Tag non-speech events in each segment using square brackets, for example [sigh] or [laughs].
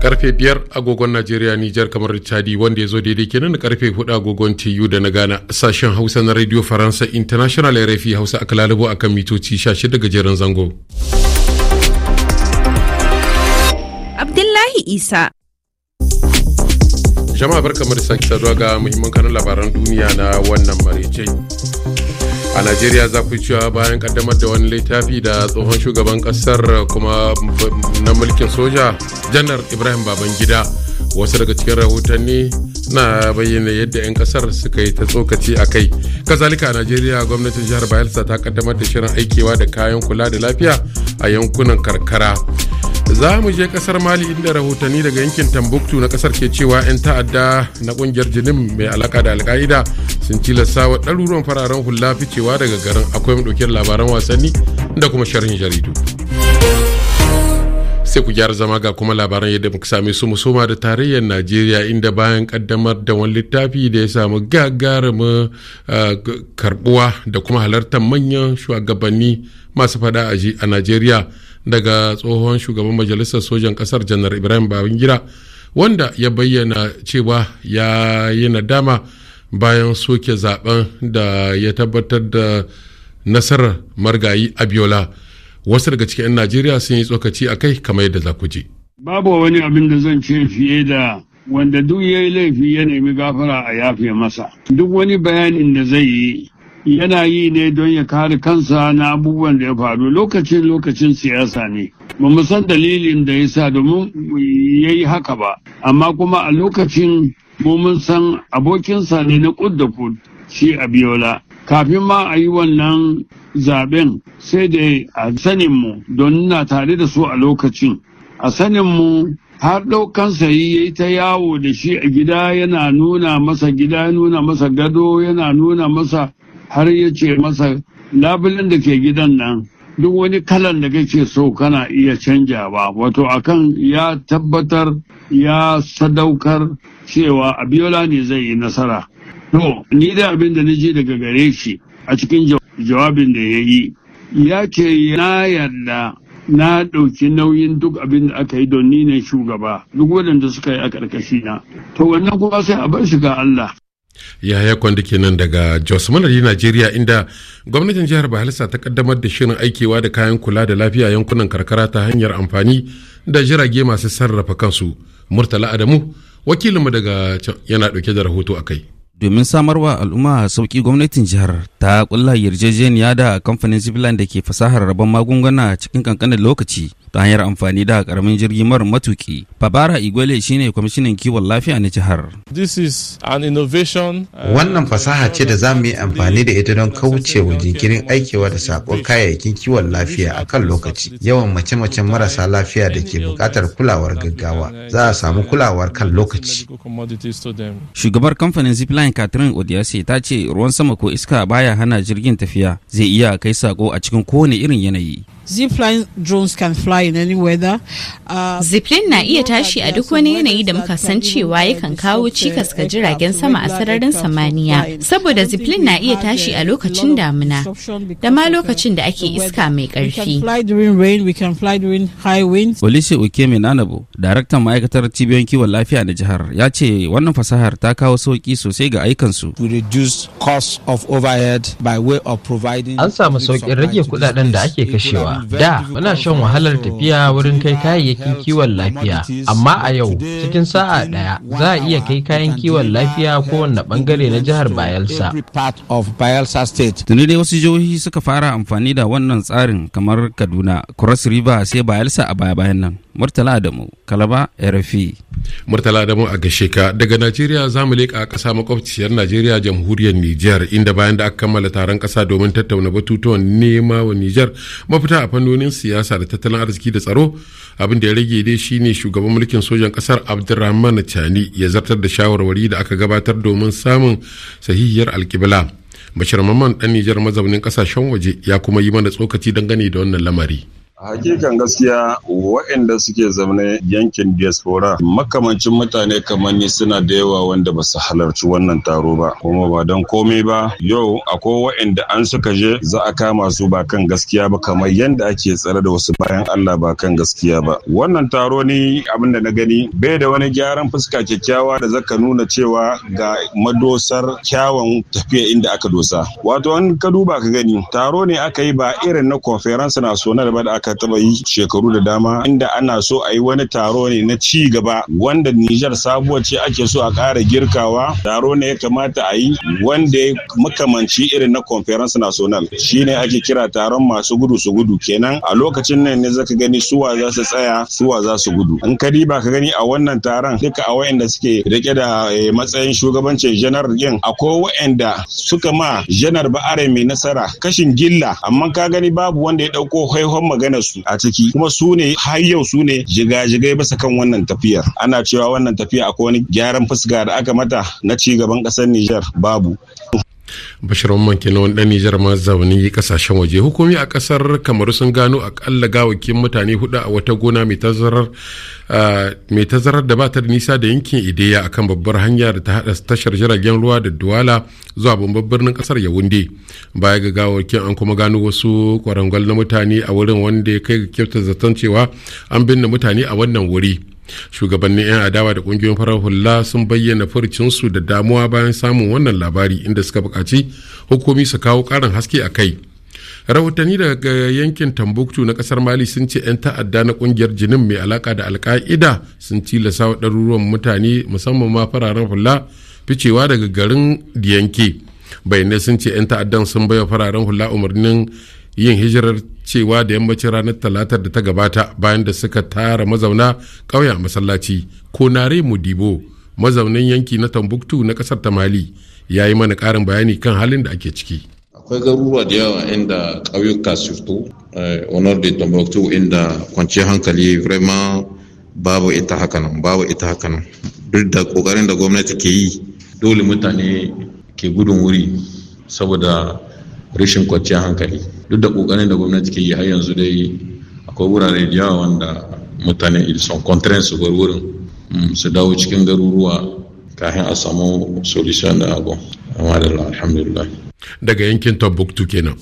karfe 5 agogon Najeriya Nijar kamar Chadi wanda ya zo daidai kenan da karfe 4 agogon TU da na Ghana sashen Hausa na Radio Faransa International RFI Hausa aka lalubo akan mitoci 16 gajeren zango. Abdullahi Isa Jama'a barkamu da sake saduwa ga muhimman kanun labaran duniya na wannan marece. A Najeriya za ku cewa bayan kaddamar da wani littafi da tsohon shugaban kasar kuma na mulkin soja, Janar Ibrahim Babangida. wasu daga cikin rahotanni na bayyana yadda 'yan kasar suka yi ta tsokaci a kai kazalika a najeriya gwamnatin jihar bayelsa ta kaddamar da shirin aikewa da kayan kula da lafiya a yankunan karkara za mu je kasar mali inda rahotanni daga yankin tambuktu na kasar ke cewa 'yan ta'adda na kungiyar jinin mai alaka da alka'ida sun tilasta wa ɗaruruwan fararen hula ficewa daga garin akwai mu labaran wasanni da kuma sharhin jaridu. sai ku gyara zama ga kuma labaran yadda muka sami su musoma da tarayyar najeriya inda bayan kaddamar da wani littafi da ya samu gagarumin eh, karbuwa da kuma halartar manyan shugabanni masu fada a najeriya daga tsohon shugaban majalisar sojan kasar janar ibrahim babangida wanda ya bayyana cewa ya yi nadama bayan soke zaben da ya tabbatar da nasarar margayi abiola wasu daga cikin 'yan najeriya sun yi tsokaci a kai kamar yadda za ku ji babu wani abin da zan ce fiye da wanda duk ya yi laifi ya nemi gafara a yafe masa duk wani bayanin da zai yi yana yi ne don ya kare kansa na abubuwan da ya faru lokacin lokacin siyasa ne ba mu san dalilin da ya sa domin ya yi haka ba amma kuma a lokacin mu mun san abokinsa ne na kud da kud shi abiola kafin ma a yi wannan zaben sai da a saninmu don na tare da su a lokacin a saninmu har ɗaukan sayi ya yi ta yawo da shi a gida yana nuna masa gida nuna masa gado yana nuna masa har ya ce masa labulin da ke gidan nan duk wani kalan da kake so kana iya canja canjawa wato akan ya tabbatar ya sadaukar cewa abiola ne zai yi nasara to ni da abin da na ji daga gare shi a cikin jawabin da ya yi ya ce na yarda na ɗauki nauyin duk abin da aka yi don nina ne shugaba duk waɗanda suka yi a ƙarƙashi na to wannan kuma sai a bar shi ga Allah yaya kwanda kenan daga jos manali najeriya inda gwamnatin jihar bahalisa ta kaddamar da shirin aikewa da kayan kula da lafiya yankunan karkara ta hanyar amfani da jirage masu sarrafa kansu murtala adamu wakilinmu daga yana ɗauke da rahoto a kai domin samarwa al'umma a sauki gwamnatin jihar ta kulla yarjejeniya da kamfanin zibilan da ke fasahar rabon magunguna cikin kankanin lokaci ta hanyar amfani da karamin jirgi mara matuki. Babara Igwele shine kwamishinan kiwon lafiya na jihar. This an innovation. Uh, Wannan fasaha ce da za mu yi amfani da ita don kauce wa jinkirin aikewa da sakon kayayyakin kiwon lafiya a kan lokaci. Yawan mace-macen marasa lafiya da ke buƙatar kulawar gaggawa za a samu kulawar kan lokaci. Shugabar kamfanin Zipline Catherine Odiase ta ce ruwan sama ko iska baya hana jirgin tafiya zai iya kai sako a cikin kowane irin yanayi. Zipline drones can fly in uh, na iya tashi a duk wani yanayi da muka san cewa yakan kawo cikas ga jiragen sama a sararin samaniya. Saboda zipline na iya tashi a lokacin damina da ma lokacin da ake iska mai ƙarfi. Olise Ukeme Nanabo, daraktan ma'aikatar cibiyoyin kiwon lafiya na jihar, ya ce wannan fasahar ta kawo sauƙi sosai ga aikansu. An samu sauƙin rage kuɗaɗen da ake kashewa da muna shan wahalar tafiya wurin kai kayayyakin kiwon lafiya amma a yau cikin sa'a ɗaya za a iya kai kayan kiwon lafiya kowane bangare na jihar bayelsa tuni dai wasu jihohi suka fara amfani da wannan tsarin kamar kaduna cross river sai bayelsa a baya bayan nan murtala adamu kalaba rfi Murtala Adamu a gashe ka daga Najeriya za mu leƙa ƙasa makwabciyar Najeriya jamhuriyar Nijar inda bayan da aka kammala taron ƙasa domin tattauna batutuwan nema wa Nijar mafita a fannonin siyasa da tattalin arziki da tsaro abin da ya rage dai shine shugaban mulkin sojan ƙasar Abdulrahman Chani ya zartar da shawarwari da aka gabatar domin samun sahihiyar alƙibla. Bashir Mamman ɗan Nijar mazaunin ƙasashen waje ya kuma yi mana tsokaci dangane da wannan lamari. hakikan gaskiya waɗanda suke zaune yankin diaspora makamancin mutane kamar ni suna da yawa wanda ba su halarci wannan taro ba kuma ba don komai ba yau akwai waɗanda an suka je za a kama su ba kan gaskiya ba kamar yadda ake tsare da wasu bayan Allah ba kan gaskiya ba wannan taro ni abin da na gani bai da wani gyaran fuska kyakkyawa da zaka nuna cewa ga madosar kyawun tafiya inda aka dosa wato an ka duba ka gani taro ne aka yi ba irin na conference national ba da aka aka taba yi shekaru da dama inda ana so a yi wani taro ne na ci gaba wanda Nijar sabuwa ce ake so a ƙara girkawa taro ne ya kamata a yi wanda ya makamanci irin na conference national shine ake kira taron masu gudu su gudu kenan a lokacin nan ne zaka gani suwa za su tsaya suwa za su gudu in ka diba ka gani a wannan taron duka a wayanda suke rike da eh, matsayin shugabancin janar din akwai wayanda suka ma janar are mai nasara kashin gilla amma ka gani babu wanda ya dauko haihon magana gane su a ciki kuma su ne har yau su ne jigajigai bisa kan wannan tafiyar ana cewa wannan tafiya akwai wani gyaran fuska da aka mata na cigaban gaban ƙasar Nijar babu bashir umman na wani dan nijar ma zaune kasashen waje hukumi a kasar kamaru sun gano akalla gawakin mutane hudu a wata gona mai tazarar mai tazarar da ba ta da nisa da yankin ideya akan babbar hanya da ta hada tashar jiragen ruwa da duwala zuwa babban birnin kasar yawunde baya ga gawakin an kuma gano wasu kwarangwal na mutane a wurin wanda ya kai ga kyautar zaton cewa an binne mutane a wannan wuri shugabannin 'yan adawa da kungiyoyin farar hula sun bayyana furcinsu da damuwa bayan samun wannan labari inda suka buƙaci hukumi su kawo ƙarin haske a kai rahotanni daga yankin tambuktu na kasar mali sun ce 'yan ta'adda na kungiyar jinin mai alaka da alka'ida sun tilasa wa ɗaruruwan mutane musamman ma fararen hula ficewa daga garin diyanke bayanai sun ce 'yan ta'addan sun baiwa fararen hula umarnin yin hijirar cewa da yammacin ranar talatar da ta gabata bayan da suka tara mazauna a masallaci ko konare mudibo mazaunin yanki na tambuktu na ƙasar ta mali ya yi mana karin bayani kan halin da ake ciki akwai garuruwa da yawa inda ƙauyuka surtu eh, honor de tambuktu inda kwanciyar hankali vraiment babu ita hakanan babu ita hakanan duk da ƙoƙarin da gwamnati ke yi dole mutane ke gudun wuri saboda rashin kwanciyar hankali duk da kokarin da gwamnati ke yi har yanzu dai akwai wurare da yawa wanda mutane son contrain su bar wurin mm, su dawo cikin garuruwa kafin a samu solution da abu amma da alhamdulillah daga yankin tabbuktu kenan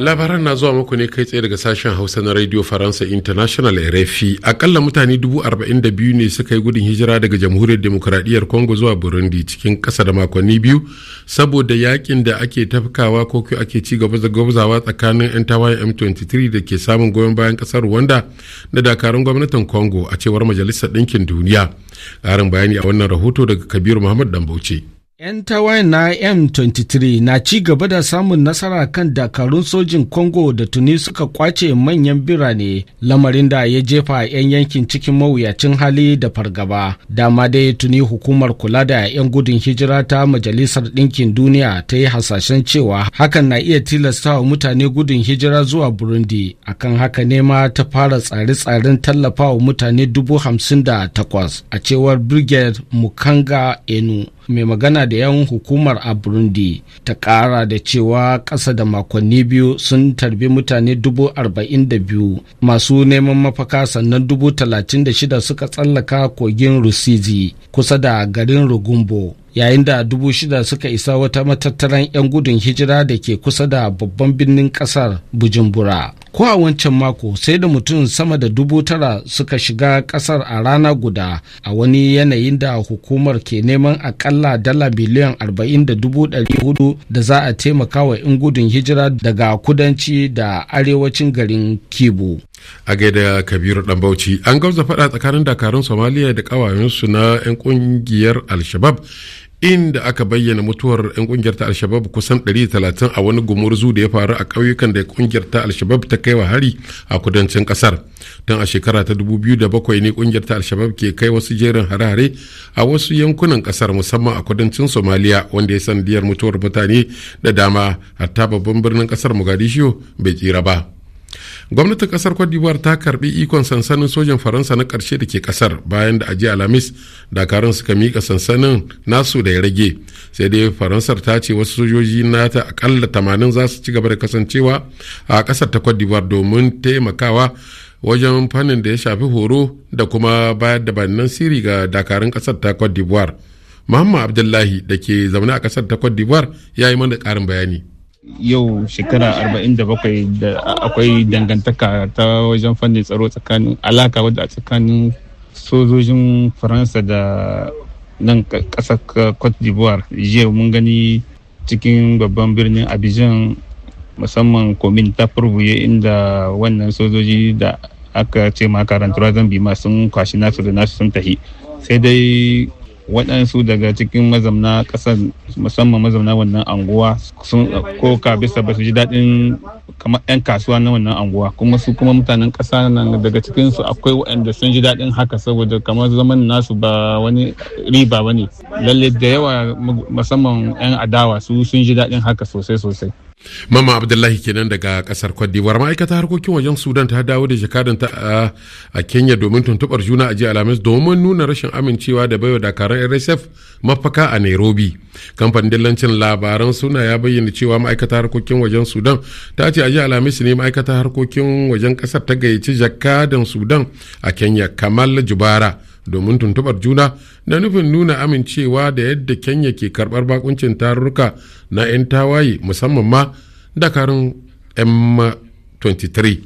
labaran na zuwa muku ne kai tsaye daga sashen hausa na radio faransa international rfi akalla mutane dubu arba'in da biyu ne suka yi gudun hijira daga jamhuriyar demokuraɗiyyar congo zuwa burundi cikin kasa da makonni biyu saboda yakin da ake tafkawa ko ake ci gaba da gwabzawa tsakanin 'yan tawayen m23 da ke samun goyon bayan kasar rwanda da dakarun gwamnatin congo a cewar majalisar ɗinkin duniya ƙarin bayani a wannan rahoto daga kabiru muhammad dambauce 'Yan tawayen na M23 na ci gaba da samun nasara kan dakarun sojin Congo da tuni suka kwace manyan birane lamarin da ya jefa 'yan yankin cikin mawuyacin hali da fargaba. Dama dai tuni hukumar kula da 'yan gudun hijira ta Majalisar Ɗinkin Duniya ta yi hasashen cewa hakan na iya tilastawa mutane gudun hijira zuwa Burundi. Akan haka ne ma ta fara tsare-tsaren tallafawa mutane dubu hamsin da takwas a cewar Brigade Mukanga Enu. mai magana da 'yan hukumar a burundi ta kara da cewa ƙasa da makonni biyu sun tarbi mutane dubu arba'in da biyu masu neman mafaka sannan dubu talatin da shida suka tsallaka kogin rusizi kusa da garin rugumbo yayin da dubu shida suka isa wata matattaran 'yan gudun hijira da ke kusa da babban birnin ƙasar bujumbura ko a wancan mako sai da mutum sama da dubu tara suka shiga kasar a rana guda a wani yanayin da hukumar ke neman akalla dala biliyan arba'in da dubu ɗari hudu da za a taimaka wa in gudun hijira daga kudanci da arewacin garin Kibo. a gaida kabiru dan bauchi an gauza faɗa tsakanin dakarun somaliya da ƙawayensu na 'yan ƙungiyar al-shabab inda aka bayyana mutuwar 'yan kungiyar ta alshabab kusan 130 a wani gumurzu da ya faru a ƙauyukan da kungiyar ta alshabab ta kai wa hari a kudancin ƙasar don a shekara ta 2007 ne kungiyar ta alshabab ke kai wasu jerin hare-hare a wasu yankunan ƙasar musamman a kudancin somaliya wanda ya sanadiyar mutuwar mutane da dama hatta babban birnin kasar mogadishu bai tsira ba gwamnatin kasar cote d'ivoire ta karbi ikon sansanin sojan faransa na karshe da ke kasar bayan da ajiya alhamis dakarun suka mika sansanin nasu da ya rage sai dai faransar ta ce wasu sojoji nata akalla tamanin za su ci gaba da kasancewa a kasar ta cote d'ivoire domin taimakawa wajen fannin da ya shafi horo da kuma bayar da bayanan sirri ga dakarun kasar ta cote d'ivoire muhammad abdullahi da ke zaune a kasar ta cote d'ivoire ya yi mana karin bayani yau shekara 47 da akwai dangantaka ta wajen fannin tsaro tsakanin alaka wadda tsakanin sojojin faransa da nan ƙasar cote d'ivoire jiya mun gani cikin babban birnin abidjan musamman komin ta furbuye inda wannan sojoji da aka ce makarantar zambi ma kwashi nasu da nasu sun tahi sai dai waɗansu daga cikin mazamna ƙasar musamman mazamna wannan anguwa sun ko ka bisa ba su ji daɗin kamar 'yan kasuwa na wannan anguwa kuma su kuma mutanen ƙasa nan daga cikinsu akwai waɗanda sun ji daɗin haka saboda kamar zaman nasu ba wani riba ba ne lalle da yawa musamman 'yan adawa su sun ji daɗin haka sosai sosai Mama Abdullahi kenan daga kasar Cote d'Ivoire ma'aikata harkokin wajen Sudan ta dawo da jakadan ta a Kenya domin tuntubar juna a jiya Alhamis domin nuna rashin amincewa da baiwa dakaran RSF mafaka a Nairobi. Kamfanin dillancin labaran suna ya bayyana cewa ma'aikata harkokin wajen Sudan ta ce a jiya Alhamis ne ma'aikata harkokin wajen kasar ta gayyaci jakadan Sudan a Kenya Kamal Jubara. domin tuntubar juna na nufin nuna amincewa da yadda kenya ke karbar bakuncin tarurruka na 'yan tawaye musamman ma dakarun m23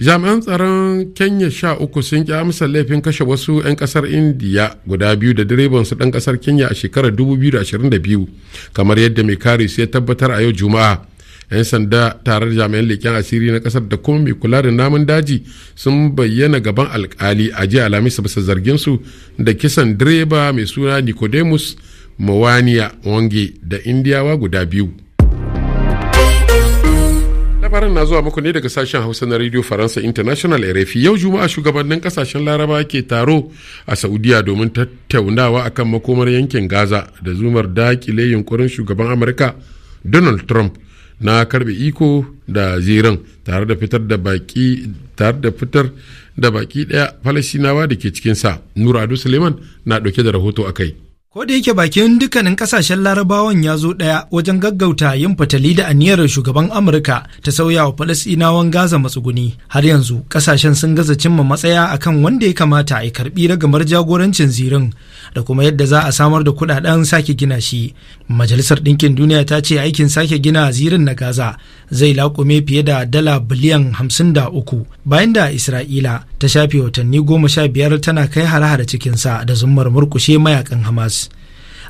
jami'an tsaron kenya sha uku sun ki amsa laifin kashe wasu 'yan kasar indiya guda biyu da direban su dan kasar kenya a shekarar 2022 kamar yadda mai kare su ya tabbatar a yau juma'a 'yan sanda tare da jami'an leken asiri na kasar da kuma mai kula da namun daji sun bayyana gaban alkali a jiya alhamis bisa zargin su da kisan direba mai suna nicodemus mawaniya wange da indiyawa guda biyu labaran na zuwa muku ne daga sashen hausa na radio faransa international rfi yau juma'a shugabannin kasashen laraba ke taro a saudiya domin tattaunawa akan makomar yankin gaza da zumar dakile yunkurin shugaban amurka donald trump na karbe iko da ziran tare da fitar da baki tare da fitar da baki daya falasinawa da ke cikinsa suleiman na dauke da rahoto a kai Ko da yake bakin dukkanin kasashen larabawan ya zo daya, wajen gaggauta yin fatali da aniyar shugaban Amurka ta sauya wa Falasɗinawan Gaza matsuguni. Har yanzu kasashen sun gaza cimma matsaya akan wanda ya kamata a karɓi ragamar jagorancin zirin da kuma yadda za a samar da kuɗaɗen sake gina shi. Majalisar Ɗinkin Duniya ta ce aikin sake gina zirin na Gaza zai laƙume fiye da dala biliyan hamsin da uku bayan da Isra'ila ta shafe watanni goma sha biyar tana kai hare-hare cikinsa da zummar murƙushe mayakan Hamas.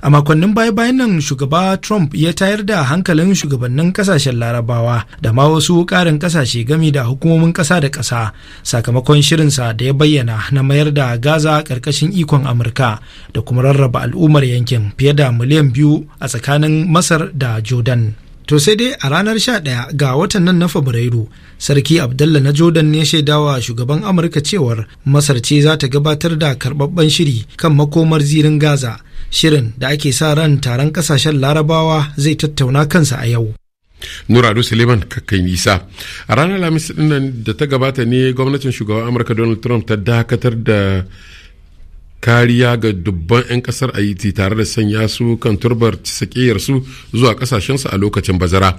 a makonnin baya-bayan nan shugaba trump ya tayar da hankalin shugabannin kasashen larabawa da ma wasu karin kasashe gami da hukumomin kasa da kasa sakamakon shirinsa da ya bayyana na mayar da gaza karkashin ikon amurka da kuma rarraba al'ummar yankin fiye da miliyan biyu a tsakanin masar da jordan To sai dai a ranar 11 ga watan nan na Fabrairu, Sarki Abdullah na Jordan ne shaidawa shugaban Amurka cewar Masar ce za ta gabatar da karbabban shiri kan makomar zirin Gaza shirin da ake sa ran taron kasashen larabawa zai tattauna kansa a yau nuradu suleiman kakan isa a ranar lamis dinnan da ta gabata ne gwamnatin shugaban amurka donald trump ta dakatar da kariya ga dubban 'yan kasar haiti tare da sanya su kan turbar su zuwa kasashensu a lokacin bazara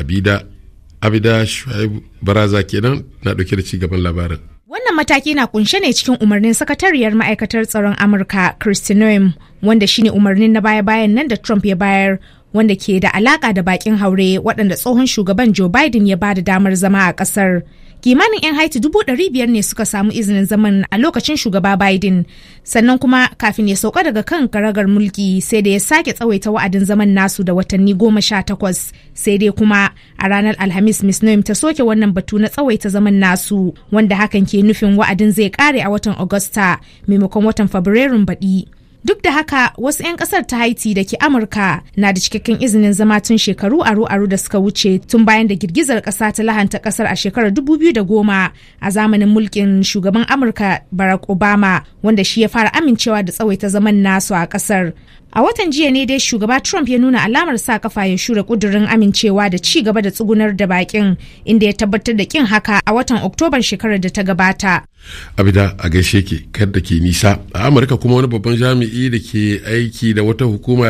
abida abida shuaib baraza kenan na ɗauke da ci gaban labarin Wannan mataki na kunshe ne cikin umarnin sakatariyar ma'aikatar tsaron Amurka Kristi Noem wanda shine umarnin na baya-bayan nan da Trump ya bayar wanda ke da alaka da bakin haure waɗanda tsohon shugaban Joe Biden ya ba da damar zama a ƙasar. kimanin 'yan haiti dubu ɗari biyar ne suka samu izinin zaman a lokacin shugaba biden sannan kuma kafin ya sauka daga kan karagar mulki sai da ya sake tsawaita wa'adin zaman nasu da watanni goma sha takwas sai dai kuma a ranar alhamis miss noem ta soke wannan batu na tsawaita zaman nasu wanda hakan ke nufin wa'adin zai kare a watan agusta maimakon watan fabrairun baɗi Duk da haka wasu 'yan kasar ta Haiti da ke Amurka na da cikakken izinin zama tun shekaru aru-aru da suka wuce tun bayan da girgizar kasa ta lahanta kasar a shekarar 2010 a zamanin mulkin shugaban Amurka Barack Obama wanda shi ya fara amincewa da tsawaita zaman nasu a kasar. A watan jiya ne dai shugaba Trump ya nuna alamar sa kafa ya shura kudurin amincewa da ci gaba da tsugunar da bakin inda ya tabbatar da kin haka a watan Oktoban shekarar da ta gabata. Abida a gaishe ke kar da ke nisa a Amurka kuma wani babban jami'i da ke aiki da wata hukuma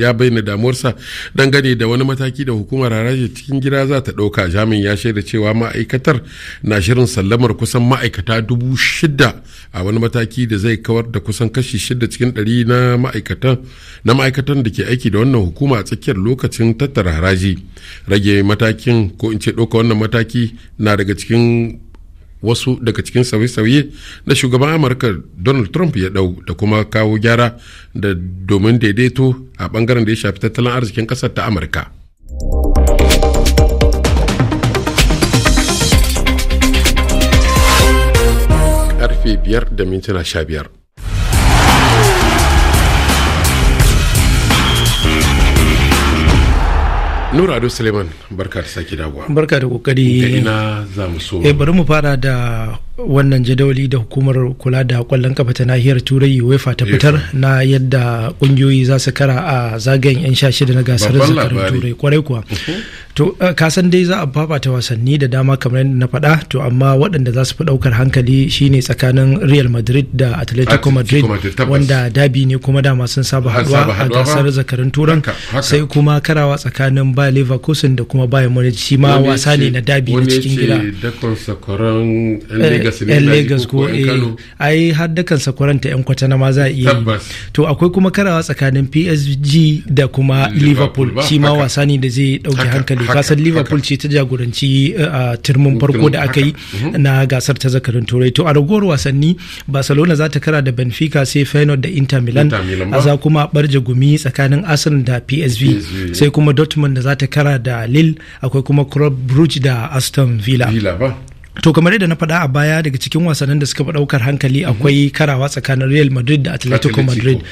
ya bayyana damuwarsa dangane da wani mataki da hukumar haraji cikin gida za ta ɗauka jami'in ya shaida cewa ma'aikatar na shirin sallamar kusan ma'aikata dubu shida a wani mataki da zai kawar da kusan kashi shida cikin ɗari na ma'aikatan na ma'aikatan da ke aiki da wannan hukuma a tsakiyar lokacin tattara haraji rage matakin ko in ce ɗauka wannan mataki na daga cikin wasu daga cikin sauye-sauye da shugaban amurka donald trump ya ɗau da kuma kawo gyara da domin daidaito a bangaren da ya shafi tattalin arzikin kasar ta amurka karfe 5 da mintuna 15 Nura Ado Suleiman barka da sake dawowa. Barka da kokari. ina za mu so. Eh bari mu fara da wannan jadawali da hukumar kula da kwallon kafa ta nahiyar turai uefa ta fitar na yadda kungiyoyi za su kara a zagayen yan sha shida na gasar zakarun turai kwarai kuwa to eh, ka dai za a fafata wasanni da dama kamar yadda na faɗa to amma waɗanda za su fi ɗaukar hankali shine tsakanin real madrid da atletico madrid wanda dabi ne kuma dama sun saba haɗuwa a gasar zakarun turan sai kuma karawa tsakanin ba leverkusen da kuma bayan munich shi ma wasa ne na dabi na cikin gida yan Legas ko eh, ai har dakan ta yan kwatana ma za a iya to akwai kuma karawa tsakanin PSG da kuma Liverpool shi ma wasa ne da zai dauke hankali kasan Liverpool ce ta jagoranci eh, a turmin farko da aka yi mhm. na gasar ta zakarin turai to a ragowar wasanni Barcelona za ta kara da Benfica sai Feyenoord da Inter Milan a za kuma barje gumi tsakanin Arsenal da PSV sai kuma Dortmund da za ta kara da Lille akwai kuma Club Brugge da Aston Villa to kamar yadda na faɗa a baya daga cikin wasannin da suka ɗaukar hankali akwai karawa tsakanin real madrid da atletico madrid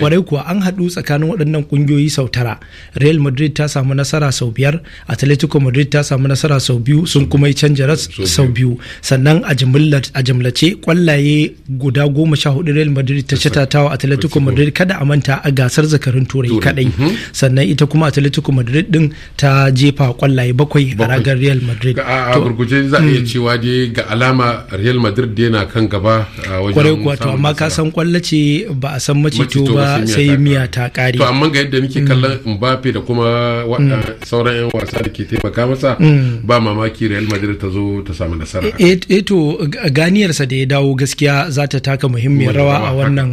kwarai kuwa an haɗu tsakanin waɗannan ƙungiyoyi sau tara real madrid ta samu nasara sau biyar atletico madrid ta samu nasara sau biyu sun kuma yi canja sau biyu sannan a jimlace kwallaye guda goma sha hudu real madrid ta ci wa atletico madrid kada a manta a gasar zakarun turai kadai mhm. sannan ita kuma atletico madrid din ta jefa kwallaye bakwai a ragar real madrid za a iya hmm. cewa dai ga alama real madrid dai na kan gaba a wajen kwarai kuwa to amma ka san kwallo ce ba a san macito ba sai miya ta kare to amma ga yadda muke hmm. kallon mbappe da kuma hmm. sauran yan wasa da ke taimaka masa ba mamaki real madrid ta zo ta samu nasara eh, eh, eh to ganiyarsa da ya dawo gaskiya za ta taka muhimmiyar rawa a wannan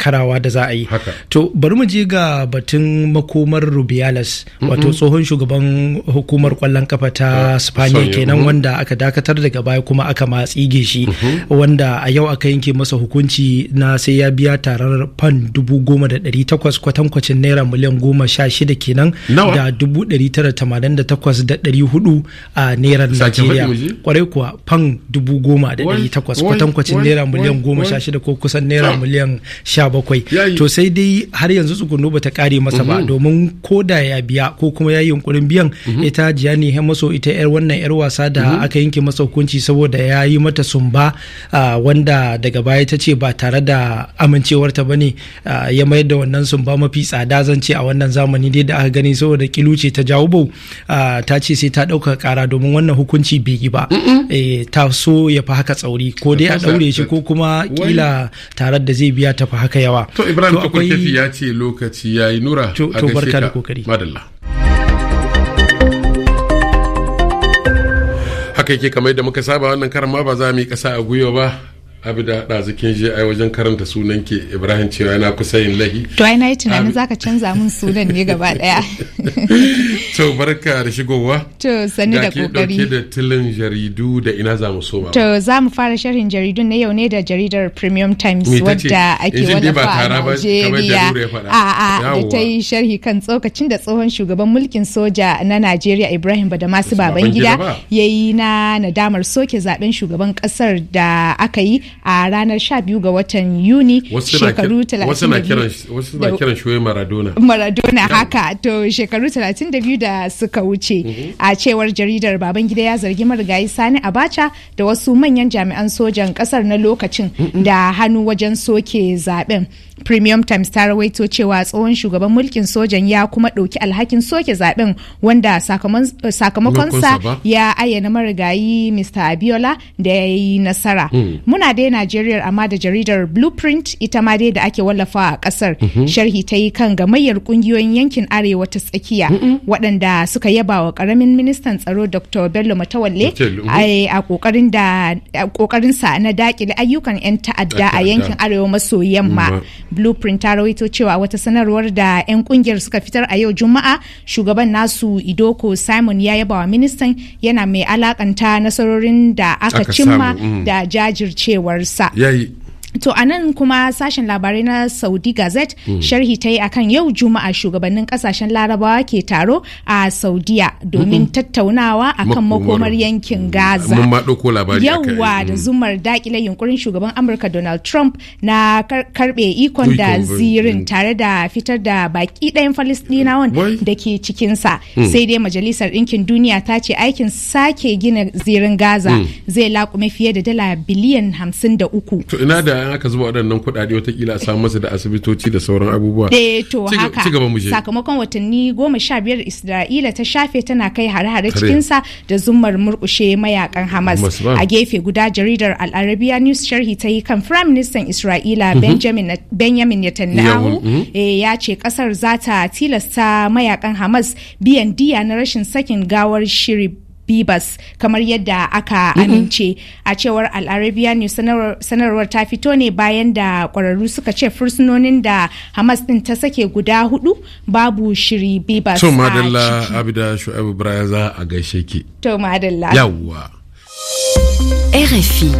karawa da za a yi to bari mu je ga batun makomar rubiales wato tsohon shugaban hukumar kwallon kafa ta spain kenan wanda aka aka dakatar daga baya kuma aka ma tsige shi wanda a yau aka yanke masa hukunci na sai ya biya tarar fan dubu goma da ɗari takwas kwatankwacin naira miliyan goma sha shida kenan da dubu ɗari tara tamanin da takwas da ɗari hudu a naira najeriya kwarai kuwa fan dubu goma da ɗari takwas kwatankwacin naira miliyan goma sha shida ko kusan naira miliyan sha bakwai to sai dai har yanzu tsugunu bata kare masa ba mhm. domin ko da ya biya ko kuma ya yi yunkurin biyan mhm. ita jiyani hemaso ita yar wannan yar wasa da mhm. aka yi yanke masa hukunci saboda ya yi mata sumba wanda daga baya ta ce ba tare da amincewarta ba ne ya mayar da wannan sumba mafi tsada zan ce a wannan zamani dai da aka gani saboda kiluce ta jawo bau ta ce sai ta ɗauka kara domin wannan hukunci bai yi ba eh, ta so ya fi haka tsauri ko dai a ɗaure shi ko kuma kila tare da zai biya ta fi haka yawa. To Ibrahim ya ce lokaci ya yi nura a Madalla. haka yake kamar yadda muka saba wannan karan ma ba za mu yi kasa a gwiwa ba abu da ɗazukin je ai wajen karanta sunan ke ibrahim cewa yana kusa yin lahi to ai na yi tunanin zaka canza mun sunan ne gaba ɗaya [laughs] To barka da shigowa. To sani da kokari. Da ke da tilin jaridu da ina za mu soma. To za mu fara sharhin jaridun na yau ne da jaridar Premium Times wadda ake wallafa a Najeriya. A a da ta yi sharhi kan tsokacin da tsohon shugaban mulkin soja na Najeriya Ibrahim baban Babangida ya yi na nadamar soke zaben shugaban kasar da aka yi a ranar 12 ga watan Yuni shekaru 32. Wasu na kiran shi Maradona. Maradona haka to shekaru 32 da suka wuce a cewar jaridar baban gida ya zargi marigayi sani abacha da wasu manyan jami'an sojan kasar na lokacin da hannu wajen soke zaben premium times ta rawaito cewa tsohon shugaban mulkin sojan ya kuma ɗauki alhakin soke zaben wanda sakamakonsa ya ayyana marigayi mr abiola da ya yi nasara hmm. muna dai najeriya amma da jaridar blueprint ita ma dai da ake wallafa a kasar hmm. sharhi ta yi kan gamayyar kungiyoyin yankin arewa ta tsakiya hmm. waɗanda waɗanda suka yaba wa ƙaramin ministan tsaro Dr. Bello Matawalle a ƙoƙarin sa na dakile ayyukan 'yan ta'adda a yankin Arewa maso yamma. Mm-hmm. Blueprint ta rawaito cewa wata sanarwar da 'yan ƙungiyar suka fitar a yau Juma'a shugaban nasu Idoko Simon ya yaba wa ministan yana mai alakanta nasarorin da aka cimma mm. da jajircewarsa. To a nan kuma sashen labarai na Saudi Gazette mm. sharhi ta yi a kan yau Juma'a shugabannin kasashen Larabawa ke taro a Saudiya domin mm -hmm. tattaunawa kan makomar yankin hmm. Gaza. Mm. ma mm. da hmm. zumar dakile yunkurin shugaban Amurka Donald Trump na kar karbe ikon da zirin tare da fitar da baki ɗayan Falistinawan da ke cikinsa. Mm. Sai dai Majalisar Ɗinkin Duniya ta ce aikin sake gina zirin Gaza hmm. zai laƙume fiye da dala biliyan hamsin da uku. bayan aka zuba waɗannan kuɗaɗe watakila a samu masa da asibitoci da sauran abubuwa eh to haka sakamakon watanni goma sha biyar isra'ila ta shafe tana kai hare-hare cikinsa da zumar murƙushe mayakan hamas a gefe guda jaridar al'arabiya news sharhi ta yi kan firayim ministan isra'ila mhm. benjamin netanyahu mhm. eh, ya ce kasar za ta tilasta mayakan hamas biyan diya na rashin sakin gawar shiri Bibas kamar yadda aka amince a cewar Al ne sanarwar ta fito ne bayan da kwararru suka ce fursunonin da Hamas din ta sake guda hudu babu shiri Bibas. To madalla Shu'aibu za a gaishe ki. To Yawwa. RFI.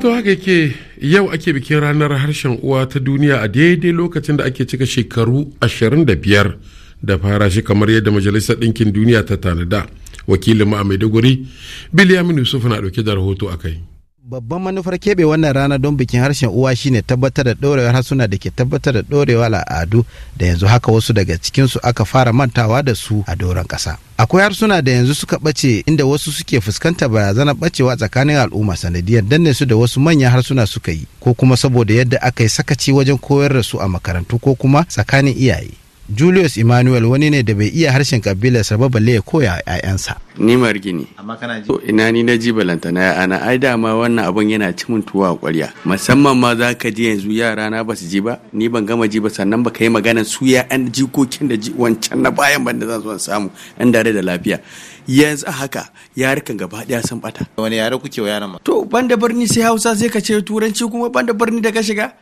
To haka ke yau ake bikin ranar harshen uwa ta duniya a daidai lokacin da ake cika shekaru 25 da fara shi kamar yadda majalisar ɗinkin duniya ta tanada wakilin mu a maiduguri biliyamin yusuf na ɗauke da rahoto a kai babban manufar keɓe wannan rana don bikin harshen uwa shine tabbatar da ɗorewar harsuna da ke tabbatar da ɗorewar al'adu da yanzu haka wasu daga cikinsu aka fara mantawa da su a doron ƙasa akwai harsuna da yanzu suka ɓace inda wasu suke fuskantar barazanar ɓacewa tsakanin al'umma sanadiyar danne su da wasu manyan harsuna suka yi ko kuma saboda yadda aka yi sakaci wajen koyar da su a makarantu ko kuma tsakanin iyaye Julius Emmanuel wani ne da bai iya harshen kabilarsa ba balle ya koya ‘ya'yansa. Ni margini. Amma kana ji? Ina ni na ji balanta na ana ai dama wannan abun yana cimin tuwa a ƙwarya. Musamman ma za ka ji yanzu yara na ba su ji ba ni ban gama ji ba sannan ba ka yi magana su ‘ya'yan jikokin da wancan na bayan ban da zan son samu ‘yan dare da lafiya. Yanzu haka yarukan gaba ɗaya sun ɓata. Wani yare kuke wa yaran ma? To ban da birni sai Hausa sai ka ce Turanci kuma ban da birni da ka shiga.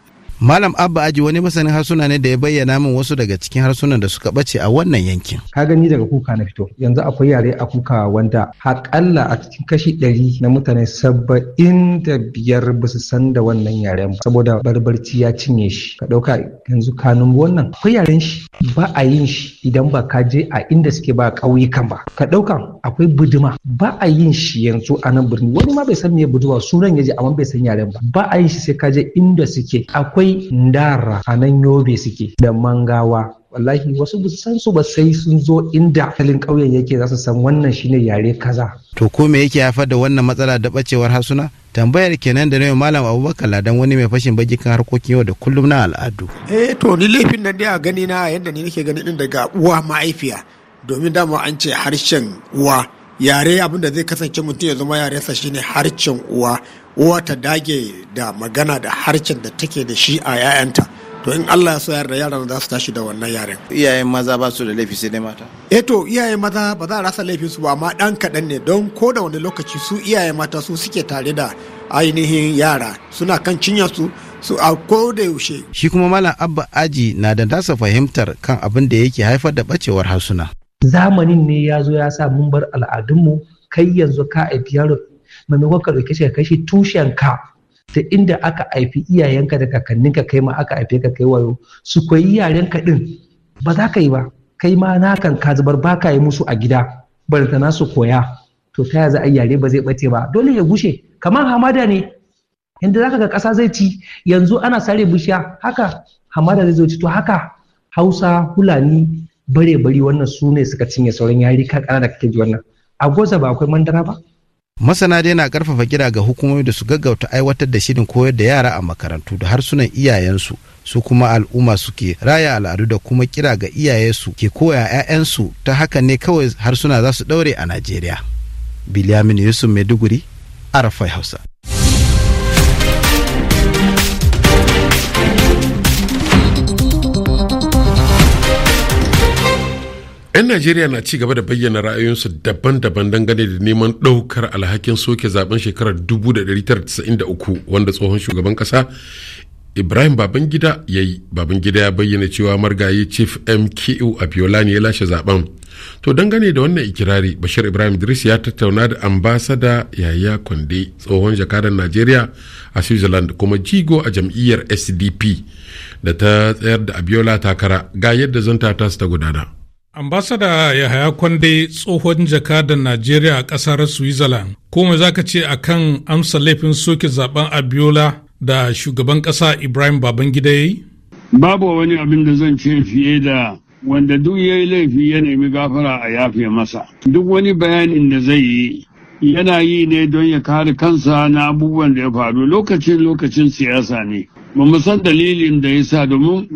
Malam Abba Aji wani masanin harsuna ne da ya bayyana min wasu daga cikin harsunan da suka bace a wannan yankin. Ka gani daga kuka na fito. Yanzu akwai yare a kuka wanda haƙalla a cikin kashi ɗari na mutane saba'in da biyar ba su san da wannan yaren ba. Saboda barbarci ya cinye shi. Ka ɗauka yanzu kanun wannan. Akwai yaren shi ba a yin shi idan ba ka je a inda suke ba ƙauyukan ba. Ka ɗauka akwai buduma ba a yin shi yanzu a nan birni. Wani ma bai san me buduma sunan ya je amma bai san yaren ba. Ba a yin shi sai ka je inda suke. Akwai ndara a nan yobe suke da mangawa wallahi wasu ba san su ba sai sun zo inda halin ƙauyen yake za su san wannan shine yare kaza to ko me yake haifar da wannan matsala da bacewar hasuna tambayar kenan da nayi malam abubakar ladan wani mai fashin baki kan harkokin yau da kullum na al'adu eh to ni laifin nan dai a gani na yadda ni nake gani din daga uwa mahaifiya domin dama an ce harshen uwa yare abin da zai kasance mutum ya zama yare sa shine harshen uwa uwa ta dage da magana da harcin da take da shi a 'ya'yanta to in Allah ya so yarda yaran za su tashi da wannan yaren iyayen maza ba su da laifi sai dai mata eh to iyayen maza ba za a rasa laifin su ba amma dan kaɗan ne don ko da wani lokaci su iyayen mata su suke tare da ainihin yara suna kan cinya su su a ko da yaushe shi kuma malam abba aji na da dasa fahimtar kan abin da yake haifar da bacewar harsuna zamanin ne ya zo ya sa mun bar al'adunmu kai yanzu ka haifi yaro maimakon ka ɗauke shi ka kai shi tushen ka ta inda aka haifi iyayenka da kakannin ka kai ma aka haife ka kai wayo su koyi yarenka din ba za ka yi ba kai ma nakan ka zubar ba ka yi musu a gida ta nasu koya to ta za a yare ba zai bace ba dole ya gushe kamar hamada ne inda zaka ga kasa zai ci yanzu ana sare bishiya haka hamada zai zo ci to haka hausa hulani bare bari wannan su ne suka cinye sauran yari ka kana da kake ji wannan a goza ba akwai mandara ba masana dai na karfafa kira ga hukumomi da su gaggauta aiwatar da shirin koyar da yara a makarantu da harsunan iyayensu su kuma al'umma suke raya al'adu da kuma kira ga iyaye ke koya 'ya'yansu ta haka ne kawai harsuna za su daure a najeriya biliyamin yusuf maiduguri arafai hausa 'Yan Najeriya na ci gaba da bayyana ra'ayoyinsu daban-daban dangane da neman ɗaukar alhakin soke zaben shekarar 1993 wanda tsohon shugaban ƙasa Ibrahim Babangida ya yi. Babangida ya bayyana cewa margayi Chief MKU Abiola ne ya lashe zaben. To dangane da wannan ikirari Bashir Ibrahim Idris ya tattauna da ambasada Yaya Kwande tsohon jakadan Najeriya a Switzerland kuma jigo a jam'iyyar SDP da ta tsayar da Abiola takara ga yadda zanta ta ta gudana. Ambasada Yahaya Kwande tsohon jaka da Najeriya a ƙasar Switzerland, kuma za ka ce a kan amsa laifin soke zaben Abiola da shugaban ƙasa Ibrahim Babangida ya yi? Babu wani abin da zan ce fiye da wanda duk ya yi laifi ya nemi gafara a yafe masa. Duk wani bayanin da zai yi yana yi ne don ya kare kansa na abubuwan da ya faru lokacin lokacin siyasa ne. Ba mu san dalilin da ya sa domin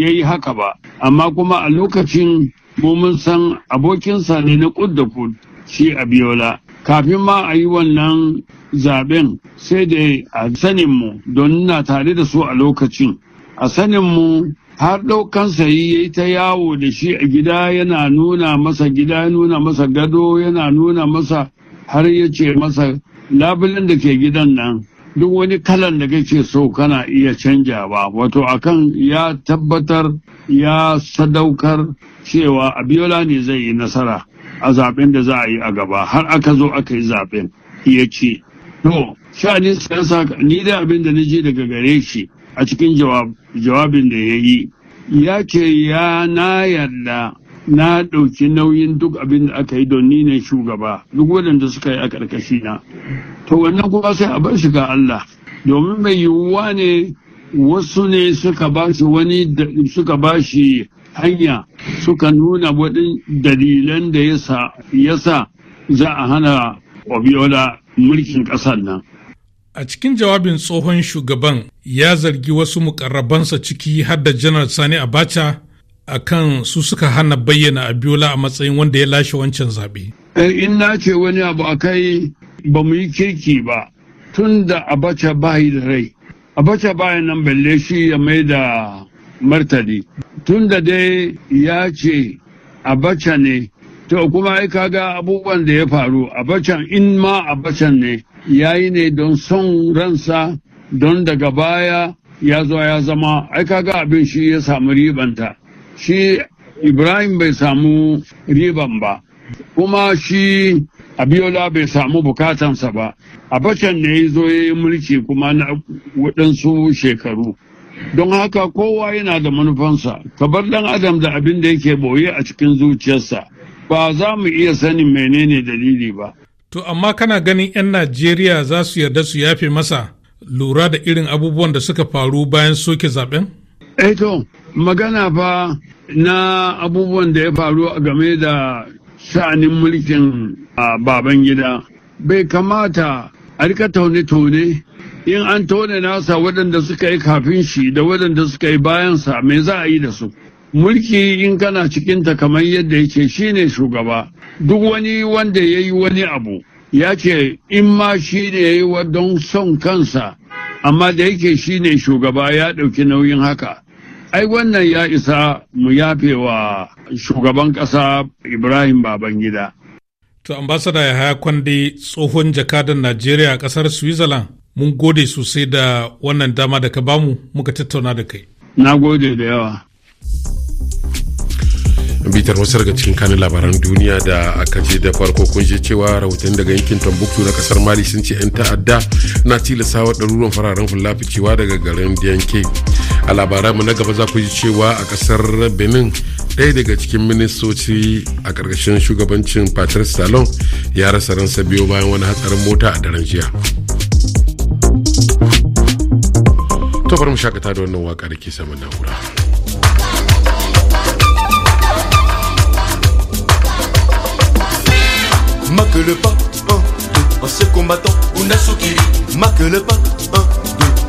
ya yi haka ba, amma kuma a lokacin mu mun san abokinsa ne na kud da kud shi abiola kafin ma a yi wannan zaben sai da a saninmu don na tare da su a lokacin a saninmu har ɗaukan sayi ya yi ta yawo da shi a gida yana nuna masa gida nuna masa gado yana nuna masa har ya ce masa labulin da ke gidan nan duk wani kalan da kake so kana iya canjawa wato akan ya tabbatar ya sadaukar cewa abiola ne zai yi nasara a zaben da za a yi a gaba har aka zo aka yi zaben ya ce to sha'anin siyasa ni da abin da na je daga gare shi a cikin jawabin da ya yi ya ce ya na yarda na ɗauki nauyin duk abin da aka yi don ni shugaba duk waɗanda suka yi a ƙarƙashina to wannan kuma sai a bar shi ga Allah domin mai yiwuwa ne wasu ne suka ba shi wani suka ba shi hanya suka nuna wadin dalilan da ya sa za a hana obiola mulkin ƙasar nan a cikin jawabin tsohon shugaban ya zargi wasu mukarrabansa ciki har da janar sani abacha a kan su suka hana bayyana abiola a matsayin wanda ya lashe wancan zaɓe. Eh, in na ce wani abu a kai ba mu yi kirki ba tun da abacha bayi da rai abacha bayan nan balle shi ya mai da martani tun da dai ya ce abacha ne to kuma ai kaga abubuwan da ya faru abacha in ma abacan ne ya yi ne don son ransa don daga baya ya zo ya zama ai kaga abin shi ya samu ribanta shi ibrahim bai samu riban ba kuma shi abiola bai samu bukatansa ba a abacan ne ya zo yi mulki kuma na waɗansu shekaru don haka kowa yana da manufansa ka bar ɗan adam da abin da yake boye a cikin zuciyarsa ba za mu iya sanin menene dalili ba to amma kana ganin 'yan najeriya za su yarda su yafe masa lura da irin abubuwan da suka faru bayan soke zaben eh to magana fa na abubuwan da ya faru game da sa'anin mulkin a baban gida bai kamata a rika taune-taune in an tone nasa waɗanda suka yi kafin shi da waɗanda suka yi bayansa mai za a yi da su mulki in kana cikinta kamar yadda yake shine shugaba duk wani wanda ya yi wani abu ya ce in ma shi ne ya yi don son kansa amma da yake shi ne shugaba ya ɗauki nauyin haka ai wannan ya isa mu yafe wa shugaban ƙasa ibrahim babangida to ambasada ya haya kwande tsohon jakadan najeriya a ƙasar switzerland mun gode sosai da wannan dama da ka bamu muka tattauna da kai na gode da yawa bitar wasu daga cikin kanin labaran duniya da aka ce da farko kun ji cewa rahoton daga yankin tambuktu na kasar mali sun ce 'yan ta'adda na wa ɗaruruwan fararen hula ficewa daga garin dnk a labaran mu na gaba za ku ji cewa a kasar benin ɗaya daga cikin ministoci a ƙarƙashin shugabancin patrice salon ya rasa ran biyo bayan wani hatsarin mota a daren jiya to bari mu shakata da wannan waka da ke saman na'ura que le pas, 1, 2, en se combattant, ma que le pas, 1,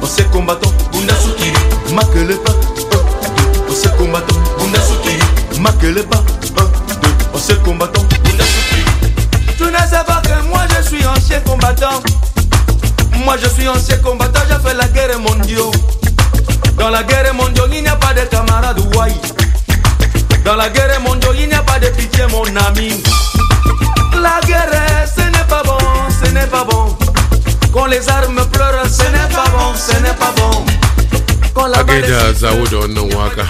on se combattant, Bunda ma marque le pas, on se combattant, Bunda Soukiri, marque le pas, on combattant, Bunda Soukiri. Tu n'as pas que moi je suis ancien combattant. Moi je suis ancien combattant, j'ai fait la guerre mondiale. Dans la guerre mondiale, il n'y a pas de camarades Dans la guerre mondiale, il n'y a pas de pitié, mon ami. La guerre, ce n'est pas bon, ce n'est pas bon quand les armes pleurent, ce n'est pas bon, ce n'est pas bon.